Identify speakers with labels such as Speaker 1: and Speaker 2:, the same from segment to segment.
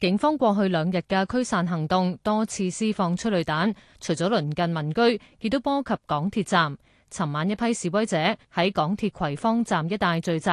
Speaker 1: 警方過去兩日嘅驅散行動多次施放催淚彈，除咗鄰近民居，亦都波及港鐵站。尋晚一批示威者喺港鐵葵芳站一帶聚集，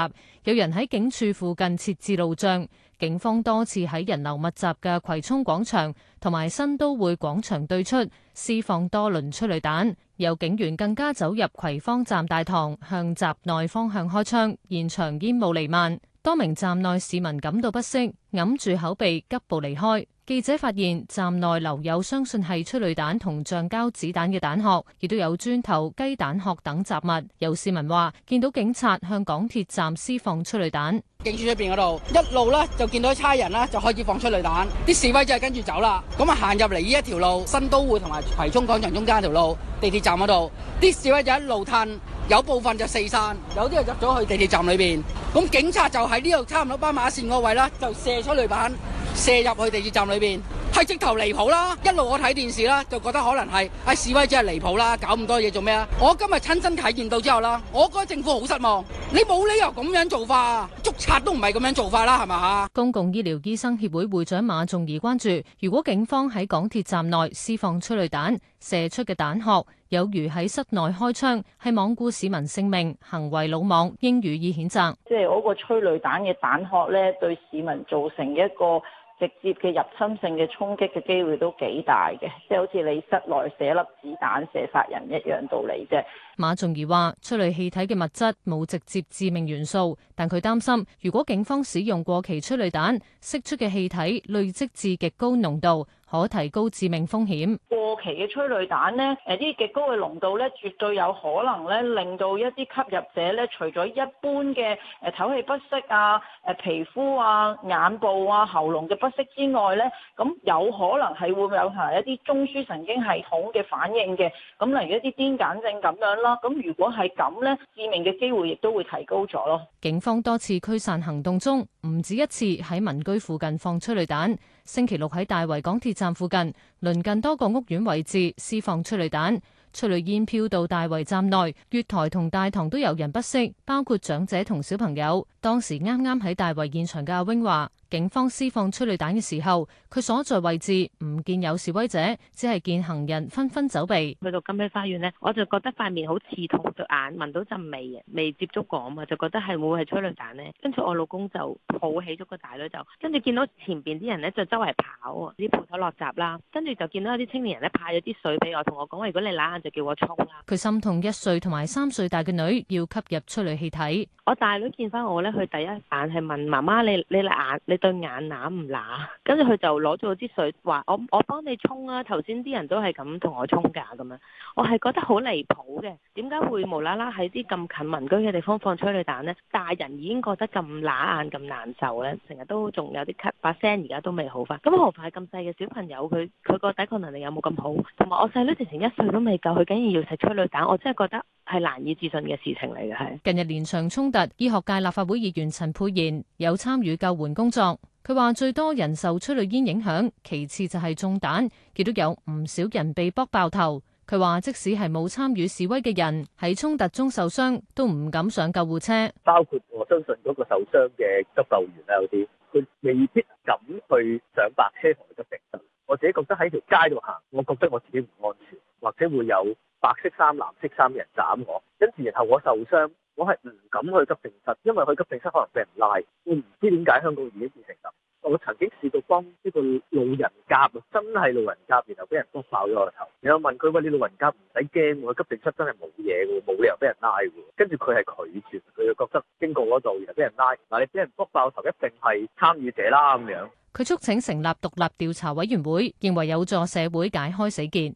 Speaker 1: 有人喺警署附近設置路障。警方多次喺人流密集嘅葵涌廣場同埋新都會廣場對出施放多輪催淚彈，有警員更加走入葵芳站大堂，向閘內方向開槍，現場煙霧瀰漫。多名站內市民感到不適，揞住口鼻急步離開。記者發現站內留有相信係催淚彈同橡膠子彈嘅彈殼，亦都有磚頭、雞蛋殼等雜物。有市民話見到警察向港鐵站施放催淚彈，警署出邊嗰度一路啦，就見到差人啦，就開始放催
Speaker 2: 淚彈，啲示威者跟住走啦，咁啊行入嚟呢一條路新都會同埋葵涌廣場中間條路地鐵站嗰度，啲示威者一路褪。有部分就四散，有啲人入咗去地鐵站裏邊，咁警察就喺呢度差唔多斑馬線個位啦，就射出雷板，射入去地鐵站裏邊，係直頭離譜啦！一路我睇電視啦，就覺得可能係啊、哎、示威者離譜啦，搞咁多嘢做咩啊？我今日親身體驗到之後啦，我覺得政府好失望，你冇
Speaker 1: 理由咁樣做法啊。拆都唔係咁樣做法啦，係嘛？公共醫療醫生協會會長馬仲儀關注，如果警方喺港鐵站內施放催淚彈，射出嘅彈殼有如喺室內開槍，係罔顧市民性命，行為魯莽，應予以譴責。
Speaker 2: 即係嗰個催淚彈嘅彈殼呢，對市民造成一個直接嘅入侵性嘅衝擊嘅機會都幾大嘅，即係好似你室內射粒子彈射殺人一樣道理啫。
Speaker 1: 馬仲儀話，催淚氣體嘅物質冇直接致命元素，但佢擔心如果警方使用過期催淚彈，釋出嘅氣體累積至極高濃度。可提高致命風險。
Speaker 2: 過期嘅催淚彈呢，誒啲極高嘅濃度咧，絕對有可能咧，令到一啲吸入者咧，除咗一般嘅誒唞氣不適啊、誒皮膚啊、眼部啊、喉嚨嘅不適之外咧，咁有可能係會有下一啲中樞神經系統嘅反應嘅，咁例如一啲癲癇症咁樣啦。咁如果係咁咧，致命嘅機會亦都會提高咗
Speaker 1: 咯。警方多次驅散行動中。唔止一次喺民居附近放催淚彈，星期六喺大圍港鐵站附近鄰近多個屋苑位置施放催淚彈，催淚煙飄到大圍站內，月台同大堂都有人不適，包括長者同小朋友。當時啱啱喺大圍現場嘅阿 Wing 話。警方施放催淚彈嘅時候，佢所在位置唔見有示威者，只係見行人紛紛走避。去到金輝花園咧，我就覺得塊面好刺痛對眼，聞到陣味啊，未接觸過啊嘛，就覺
Speaker 3: 得係會係催淚彈咧。跟住我老公就抱起咗個大女，就跟住見到前邊啲人咧就周圍跑啊，啲鋪頭落閘啦。跟住就見到有啲青年人咧派咗啲水俾我，同我講話：如果你
Speaker 1: 辣眼就叫我沖啦。佢心痛一歲同埋三歲大嘅女要吸入催淚氣體。我大女見翻我咧，佢第一
Speaker 3: 眼係問媽媽：你你眼？
Speaker 1: 對眼乸唔乸，跟
Speaker 3: 住佢就攞咗支水，話，我我幫你沖啊。頭先啲人都係咁同我沖噶咁樣，我係覺得好離譜嘅。點解會無啦啦喺啲咁近民居嘅地方放催淚彈呢？大人已經覺得咁乸眼咁難受呢，成日都仲有啲咳，把聲而家都未好翻。咁何況係咁細嘅小朋友，佢佢個抵抗能力有冇咁好？同埋我細女直情一歲都未
Speaker 1: 夠，佢竟然要食催淚彈，我真係覺得。係難以置信嘅事情嚟嘅。係近日連場衝突，醫學界立法會議員陳沛然有參與救援工作。佢話最多人受催淚煙影響，其次就係中彈，亦都有唔少人被剝爆頭。佢話即使係冇參與示威嘅人喺衝突中受傷，都唔敢上救護車。
Speaker 4: 包括我相信嗰個受傷嘅急救員啦，有啲佢未必敢去上白車同佢急救。我自己覺得喺條街度行，我覺得我自己唔安全。或者會有白色衫、藍色衫人斬我，跟住然後我受傷，我係唔敢去急症室，因為去急症室可能俾人拉。我唔知點解香港已經變成咁。我曾經試過幫呢個老人家啊，真係老人家，然後俾人篤爆咗個頭。有問佢喂，你老人家唔使驚，去急症室真係冇嘢嘅喎，冇理由俾人拉嘅喎。跟住佢係拒絕，佢又覺得經過嗰度然後俾人拉嗱，你俾人篤爆頭一定係參與者啦咁樣。
Speaker 1: 佢促請成立獨立調查委員會，認為有助社會解開死結。